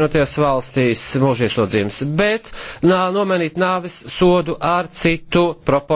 Vienotajās valstīs mūžieslodzījums, bet nā, nomenīt nāves sodu ar citu proporciju.